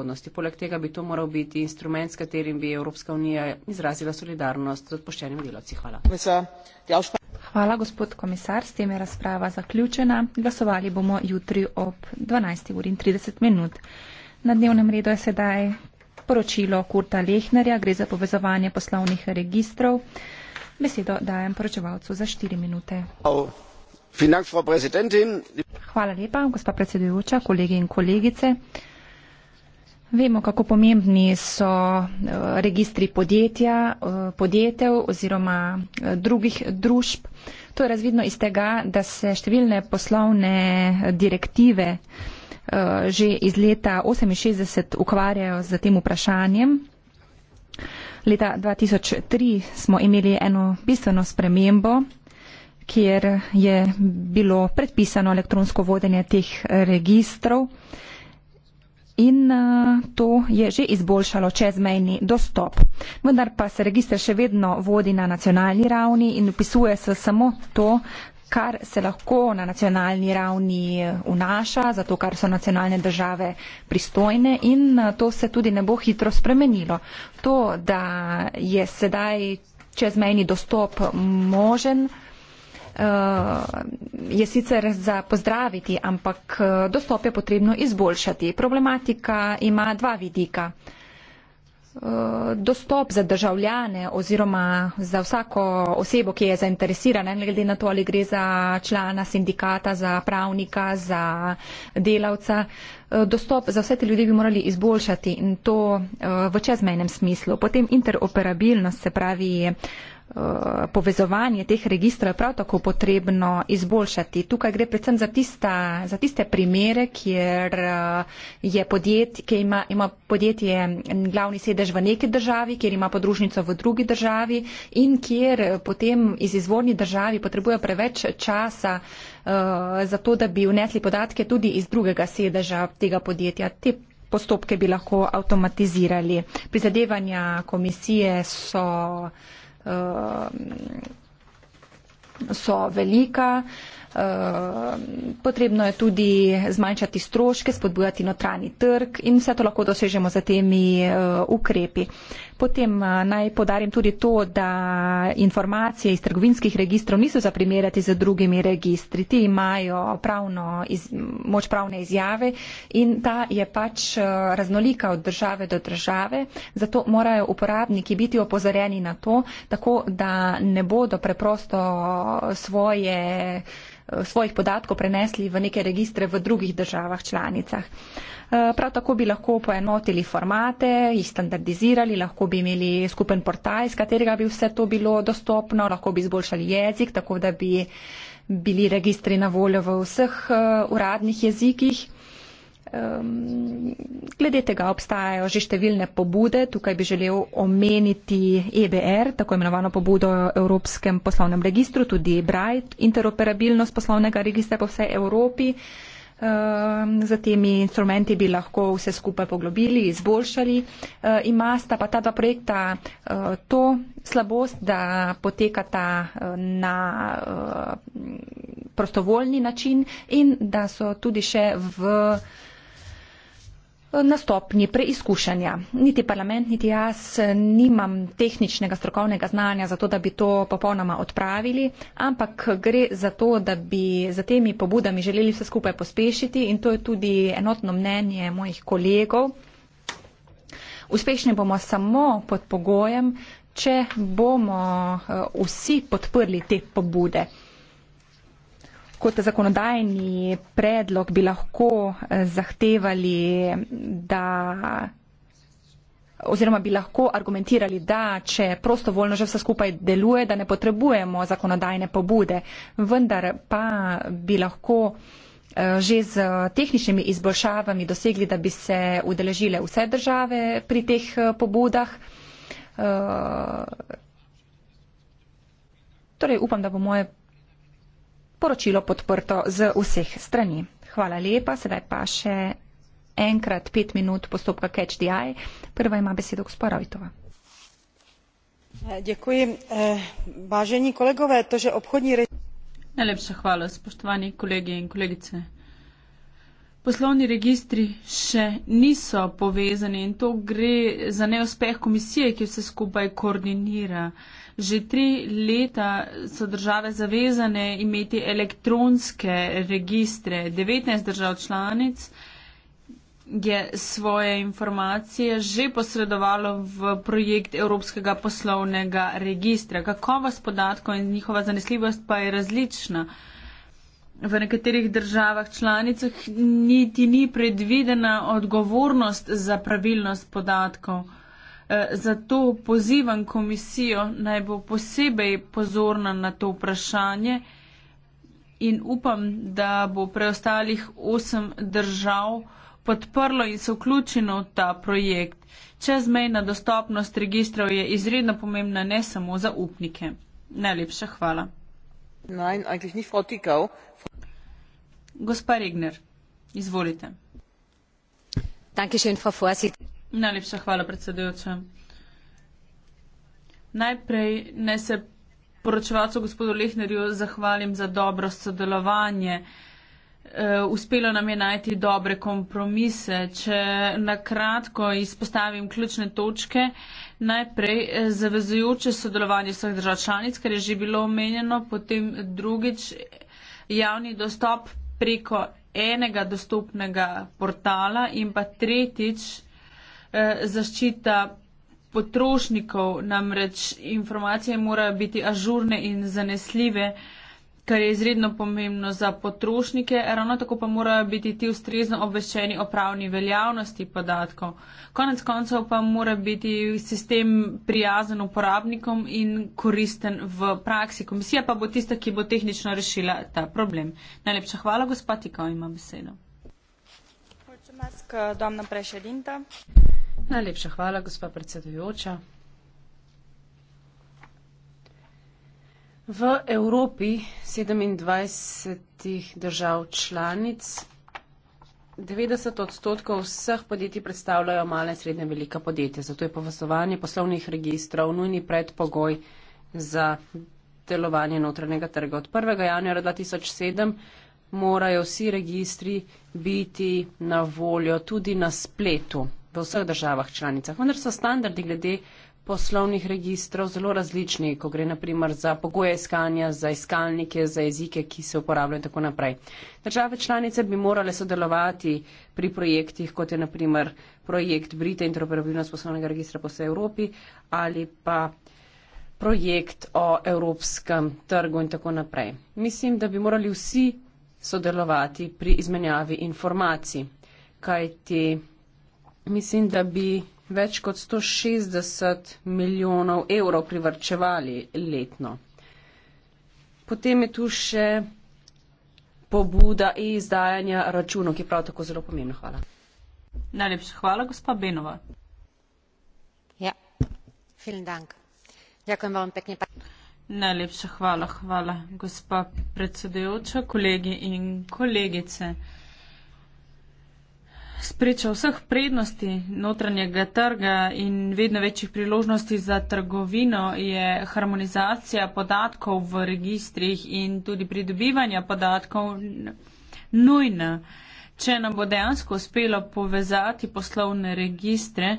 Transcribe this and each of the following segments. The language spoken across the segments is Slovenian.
prihodnosti. Poleg tega bi to moral biti instrument, s katerim bi Evropska unija izrazila solidarnost z odpoščenimi delavci. Hvala. Hvala, gospod komisar. S tem je razprava zaključena. Glasovali bomo jutri ob 12.30. Na dnevnem redu je sedaj poročilo Kurta Lehnerja. Gre za povezovanje poslovnih registrov. Besedo dajem poročevalcu za 4 minute. Hvala lepa, gospa predsedujoča, kolegi in kolegice. Vemo, kako pomembni so eh, registri podjetja, eh, podjetev oziroma eh, drugih družb. To je razvidno iz tega, da se številne poslovne direktive že iz leta 68 ukvarjajo z tem vprašanjem. Leta 2003 smo imeli eno bistveno spremembo, kjer je bilo predpisano elektronsko vodenje teh registrov in eh, to je že izboljšalo čezmejni dostop. Vendar pa se registr še vedno vodi na nacionalni ravni in upisuje se samo to, kar se lahko na nacionalni ravni unaša, eh, zato kar so nacionalne države pristojne in eh, to se tudi ne bo hitro spremenilo. To, da je sedaj čezmejni dostop možen, Eh, je sicer za pozdraviti, ampak eh, dostop je potrebno izboljšati. Problematika ima dva vidika. Eh, dostop za državljane oziroma za vsako osebo, ki je zainteresirana, ne glede na to, ali gre za člana sindikata, za pravnika, za delavca, dostop za vse te ljudi bi morali izboljšati in to v čezmejnem smislu. Potem interoperabilnost, se pravi, uh, Eh, povezovanje teh registrov je prav tako potrebno izboljšati. Tukaj gre predvsem za, tista, za tiste primere, kjer eh, je podjetje, kjer ima, ima podjetje glavni sedež v neki državi, kjer ima podružnico v drugi državi in kjer eh, potem iz izvorni državi potrebuje preveč časa za to, da bi vnesli podatke tudi iz drugega sedeža tega podjetja. Te postopke bi lahko avtomatizirali. Prizadevanja komisije so uh, Ehm, so velika. Ehm, potrebno je tudi zmanjšati stroške, spodbujati notranji trg in vse to lahko dosežemo za temi eh, ukrepi. Potem eh, naj podarim tudi to, da informacije iz trgovinskih registrov niso za primerjati z drugimi registri. Ti imajo pravno iz, moč pravne izjave in ta je pač eh, raznolika od države do države. Zato morajo uporabniki biti opozorjeni na to, tako da ne bodo preprosto svoje uh, Eh, svojih podatkov prenesli v neke registre v drugih državah članicah. Eh, prav tako bi lahko poenotili formate, jih standardizirali, lahko bi imeli skupen portal, iz katerega bi vse to bilo dostopno, lahko bi izboljšali jezik, tako da bi bili registri na voljo v vseh eh, uradnih jezikih. Um, glede tega obstajajo že številne pobude. Tukaj bi želel omeniti EBR, tako imenovano pobudo o Evropskem poslovnem registru, tudi Bright, interoperabilnost poslovnega registra po vsej Evropi. Z temi instrumenti bi lahko vse skupaj poglobili, izboljšali. Ima sta pa ta dva projekta eh, to slabost, da potekata eh, na eh, prostovoljni način in da so tudi še v na stopni preizkušanja. Niti parlament, niti jaz eh, nimam tehničnega strokovnega znanja za to, da bi to popolnoma odpravili, ampak gre za to, da bi za temi pobudami želeli vse skupaj pospešiti in to je tudi enotno mnenje mojih kolegov. Uspešni bomo samo pod pogojem, če bomo eh, vsi podprli te pobude kot zakonodajni predlog bi lahko eh, zahtevali, da oziroma bi lahko argumentirali, da če prostovoljno že vse skupaj deluje, da ne potrebujemo zakonodajne pobude, vendar pa bi lahko eh, že z tehničnimi izboljšavami dosegli, da bi se udeležile vse države pri teh eh, pobudah. Torej upam, da bo moje poročilo podprto z vseh strani. Hvala lepa, sedaj pa še enkrat pet minut postopka Catch the Eye. Prva ima besedo gospod Rojtova. Děkuji. Eh, vážení kolegové, to, že obchodní... Najlepša hvala, spoštovani kolegi in kolegice poslovni registri še niso povezani in to gre za neuspeh komisije, ki vse skupaj koordinira. Že tri leta so države zavezane imeti elektronske registre. 19 držav članic je svoje informacije že posredovalo v projekt Evropskega poslovnega registra. Kakovost podatkov in njihova zanesljivost pa je različna. Uh, v nekaterih državah članicah niti ni predvidena odgovornost za pravilnost podatkov. E, zato pozivam komisijo naj bo posebej pozorna na to vprašanje in upam, da bo preostalih osem držav podprlo in se vključilo v ta projekt. Čezmejna dostopnost registrov je izredno pomembna ne samo za upnike. Najlepša hvala. Nein, eigentlich nicht, Frau Tickau frau präsidentin! najprej naj se poročevalcu gospodu lechnerju zahvalim za dobro sodelovanje. E, uspelo nam je najti dobre kompromise. če na kratko izpostavim ključne točke najprej e, zavezujoče sodelovanje vseh držav članic kar je že bilo omenjeno potem drugič javni dostop preko enega dostopnega portala in pa tretjič eh, zaščita potrošnikov, namreč informacije morajo biti ažurne in zanesljive kar je izredno pomembno za potrošnike, ravno tako pa morajo biti ti ustrezno obveščeni o pravni veljavnosti podatkov. Konec koncev pa mora biti sistem prijazen uporabnikom in koristen v praksi. Komisija pa bo tista, ki bo tehnično rešila ta problem. Najlepša hvala, gospod Tiko, imam besedo. Najlepša hvala, gospod predsedujoča. V Evropi 27 držav članic 90 odstotkov vseh podjetij predstavljajo male in srednje velika podjetja, zato je povezovanje poslovnih registrov nujni predpogoj za delovanje notranjega trga. Od 1. januara 2007 morajo vsi registri biti na voljo tudi na spletu v vseh državah članicah, vendar so standardi glede poslovnih registrov zelo različni, ko gre naprimer za pogoje iskanja, za iskalnike, za jezike, ki se uporabljajo in tako naprej. Države članice bi morale sodelovati pri projektih, kot je naprimer projekt Brite interoperabilnost poslovnega registra po vsej Evropi ali pa projekt o evropskem trgu in tako naprej. Mislim, da bi morali vsi sodelovati pri izmenjavi informacij, kajti mislim, da bi več kot 160 milijonov evrov privrčevali letno. Potem je tu še pobuda izdajanja računov, ki je prav tako zelo pomembna. Hvala. Najlepša hvala, gospa Benova. Ja, film dank. Ďakujem vám pekne. Najlepša hvala, hvala, gospa predsedujoča, kolegi in kolegice. Spreča vseh prednosti notranjega trga in vedno večjih priložnosti za trgovino je harmonizacija podatkov v registrih in tudi pridobivanja podatkov nujna. Če nam bo dejansko uspelo povezati poslovne registre,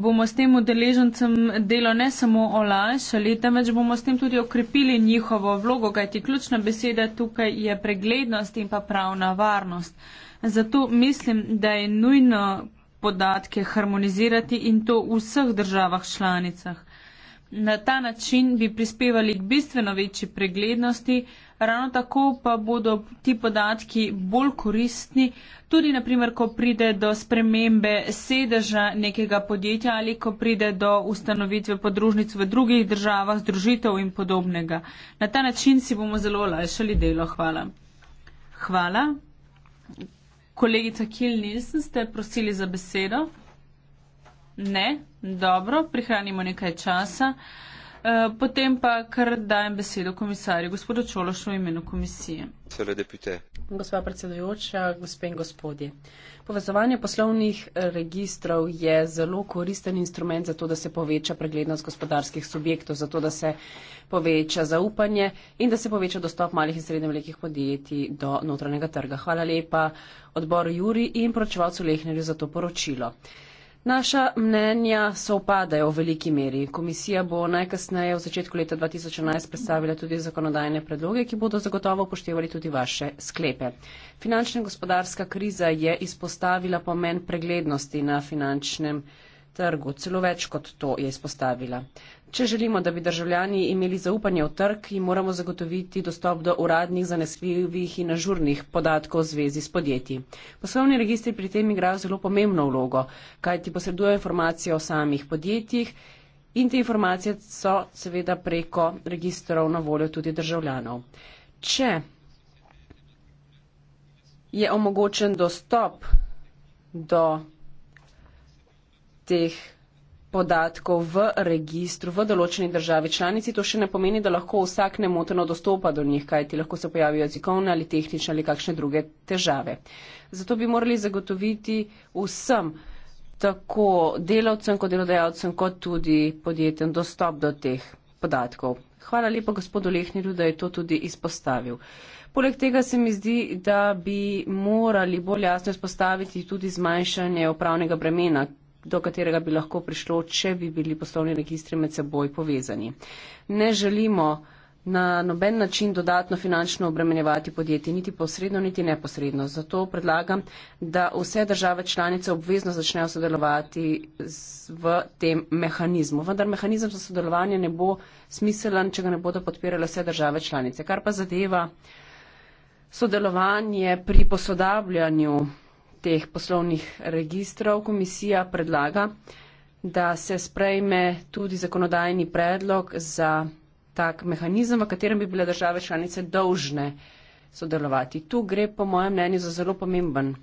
bomo s tem udeležencem delo ne samo olajšali, temveč bomo s tem tudi okrepili njihovo vlogo, kajti ključna beseda tukaj je preglednost in pa pravna varnost. Zato mislim, da je nujno podatke harmonizirati in to v vseh državah članicah. Na ta način bi prispevali k bistveno večji preglednosti, ravno tako pa bodo ti podatki bolj koristni, tudi naprimer, ko pride do spremembe sedeža nekega podjetja ali ko pride do ustanovitve podružnic v drugih državah, združitev in podobnega. Na ta način si bomo zelo olajšali delo. Hvala. Hvala. Kolegica Kil Nilsen ste prosili za besedo. Ne, dobro, prihranimo nekaj časa. E, potem pa kar dajem besedo komisarju, gospodu Čološu v imenu komisije. Gospa predsedujoča, gospe in gospodje. Povezovanje poslovnih registrov je zelo koristen instrument za to, da se poveča preglednost gospodarskih subjektov, za to, da se poveča zaupanje in da se poveča dostop malih in srednjih velikih podjetij do notranjega trga. Hvala lepa odboru Juri in poročevalcu Lehnerju za to poročilo. Naša mnenja sovpadajo v veliki meri. Komisija bo najkasneje v začetku leta 2011 predstavila tudi zakonodajne predloge, ki bodo zagotovo upoštevali tudi vaše sklepe. Finančna in gospodarska kriza je izpostavila pomen preglednosti na finančnem trgu. Celo več kot to je izpostavila. Če želimo, da bi državljani imeli zaupanje v trg, jim moramo zagotoviti dostop do uradnih, zanesljivih in nažurnih podatkov v zvezi s podjetji. Poslovni registri pri tem igrajo zelo pomembno vlogo, kaj ti posredujejo informacije o samih podjetjih in te informacije so seveda preko registrov na voljo tudi državljanov. Če je omogočen dostop do teh informacij, podatkov v registru v določeni državi članici, to še ne pomeni, da lahko vsak nemoteno dostopa do njih, kajti lahko se pojavijo jezikovne ali tehnične ali kakšne druge težave. Zato bi morali zagotoviti vsem, tako delavcem kot delodajalcem, kot tudi podjetjem, dostop do teh podatkov. Hvala lepa gospodu Lehnirju, da je to tudi izpostavil. Poleg tega se mi zdi, da bi morali bolj jasno izpostaviti tudi zmanjšanje upravnega bremena, do katerega bi lahko prišlo, če bi bili poslovni registri med seboj povezani. Ne želimo na noben način dodatno finančno obremenjevati podjetje, niti posredno, niti neposredno. Zato predlagam, da vse države članice obvezno začnejo sodelovati v tem mehanizmu. Vendar mehanizem za sodelovanje ne bo smiselen, če ga ne bodo podpirale vse države članice. Kar pa zadeva sodelovanje pri posodabljanju teh poslovnih registrov komisija predlaga, da se sprejme tudi zakonodajni predlog za tak mehanizem, v katerem bi bile države članice dolžne sodelovati. Tu gre, po mojem mnenju, za zelo pomemben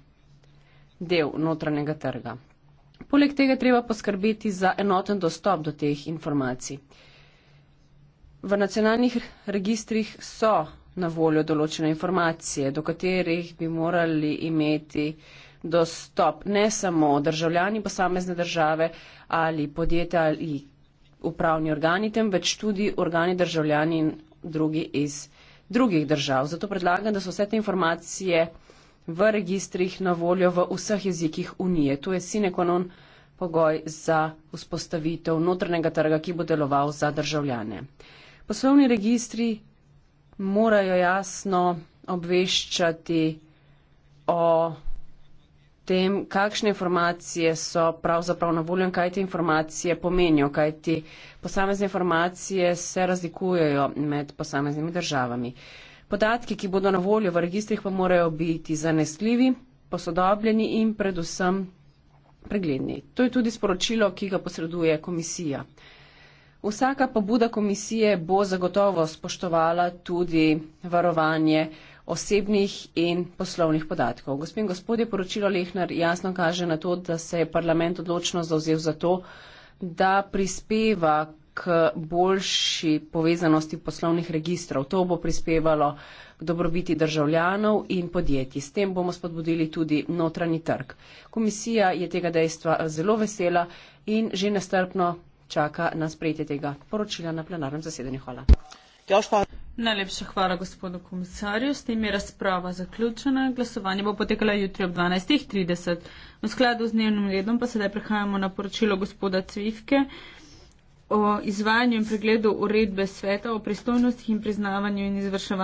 del notranjega trga. Poleg tega treba poskrbeti za enoten dostop do teh informacij. V nacionalnih registrih so na voljo določene informacije, do katerih bi morali imeti dostop ne samo državljani posamezne države ali podjetja ali upravni organi, temveč tudi organi državljani in drugi iz drugih držav. Zato predlagam, da so vse te informacije v registrih na voljo v vseh jezikih Unije. To je sine qua non pogoj za vzpostavitev notrnega trga, ki bo deloval za državljane. Poslovni registri morajo jasno obveščati o tem, kakšne informacije so pravzaprav na voljo in kaj te informacije pomenijo, kaj ti posamezne informacije se razlikujejo med posameznimi državami. Podatki, ki bodo na voljo v registrih, pa morajo biti zanesljivi, posodobljeni in predvsem pregledni. To je tudi sporočilo, ki ga posreduje komisija. Vsaka pobuda komisije bo zagotovo spoštovala tudi varovanje osebnih in poslovnih podatkov. Gospod in gospodje, poročilo Lehner jasno kaže na to, da se je parlament odločno zauzel za to, da prispeva k boljši povezanosti poslovnih registrov. To bo prispevalo k dobrobiti državljanov in podjetij. S tem bomo spodbudili tudi notranji trg. Komisija je tega dejstva zelo vesela in že nestrpno čaka na sprejetje tega poročila na plenarnem zasedanju. Hvala. Najlepša hvala gospodu komisarju. S tem je razprava zaključena. Glasovanje bo potekalo jutri ob 12.30. V skladu z dnevnim redom pa sedaj prehajamo na poročilo gospoda Cvivke o izvajanju in pregledu uredbe sveta o pristojnostih in priznavanju in izvrševanju.